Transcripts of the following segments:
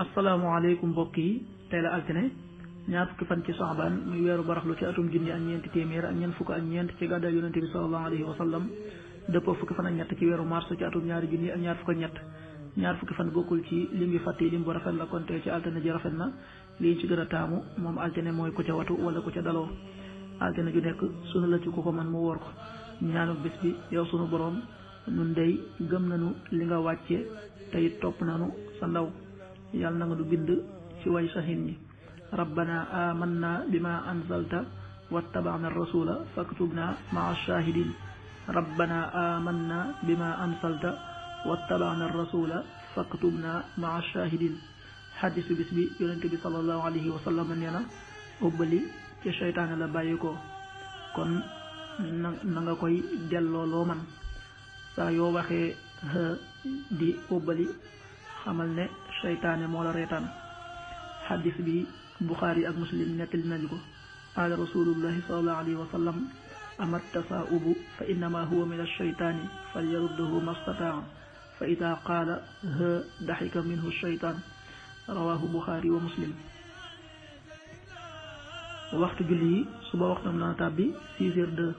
asalaamaaleykum mbokk yi tey la altine ñaar fukki fan ci soxbaan muy weeru baraxlu ci atum junni ak ñeenti téeméer ak ñeent fukk ak ñeent ci gàddaay yonente bi salallahu alayhi wa sallam dëppoo fukki fan ak ñett ci weeru mars ci atum ñaari junni ak ñaar fukk ak ñett fukki fan bokkul ci lim yu fàtte yi lim bu rafet la konte ci altine ji rafet na lii ci gën a taamu moom altine mooy ku ca watu wala ku ca daloo altine ju nekk sunu la ci ku ko man mu woor ko ñaanu bés bi yow sunu boroom nun dey gëm nanu li nga wàcce tey topp nanu sa ndaw yàlla na nga du bind ci way saxin ñi rabbana amanna bima anzalta wattabana rasula faktubna maa shahidin rabbana amanna bima anzalta wattabana rasula faktubna maa shahidin xadisu bis bi yonente bi salallahu alayhi wa sallam nee na ubbali ci seytaane la bàyyi ko kon na koy delloo loo man saa yoo waxee di ubbali xamal ne seytaane moo la reetaan xaddis bi buxaari ak muslim nettali nañu ko qaala rasulullahi salallahu alayhi wa sallam ama tasaaubu fa innama huwa min alcheytaani falyaruddahu mastataa fa ida qaala ha daxika minhu cheytaan rawahu buxaari wa muslim waxtu julli yi suba waxtam lana tàbbi six heures deux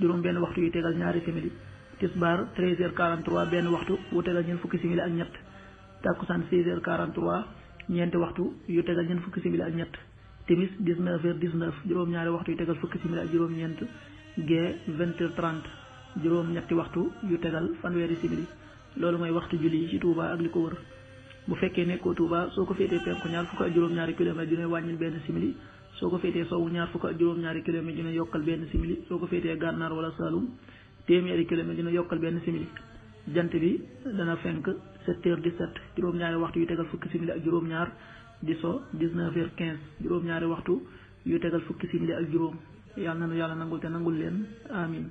juróom benn waxtu yu tegal ñaari simili tisbaar treize heures quarante trois benn waxtu wu tegal ñeent fukki simili ak ñett tàkkusaan 16 heures 43 ñeenti waxtu yu tegal ñeent fukki simili ak ñett timis 19 heures 19 juróom-ñaari waxtu yu tegal fukki simili juróom-ñeent gee 20 heures juróom-ñetti waxtu yu tegal fanweeri simili loolu mooy waxtu julli yi ci Touba ak li ko wër bu fekkee nekkoo Touba soo ko féetee penku ñaar fukk ak juróom-ñaari kilomètre dina wàññil benn simili soo ko féetee sowwu ñaar fukk ak juróom-ñaari kilomètre dina yokkal benn simili soo ko féetee gànnaar wala Saloum téeméeri kilomètre dina yokkal benn simili jant bi dana fenk sept heures sept juróom-ñaari waxtu yu tegal fukki simili ak juróom-ñaar di so dix neuf heures quinze juróom-ñaari waxtu yu tegal fukki simili ak juróom yàlla na nu yàlla nangul te nangul leen amin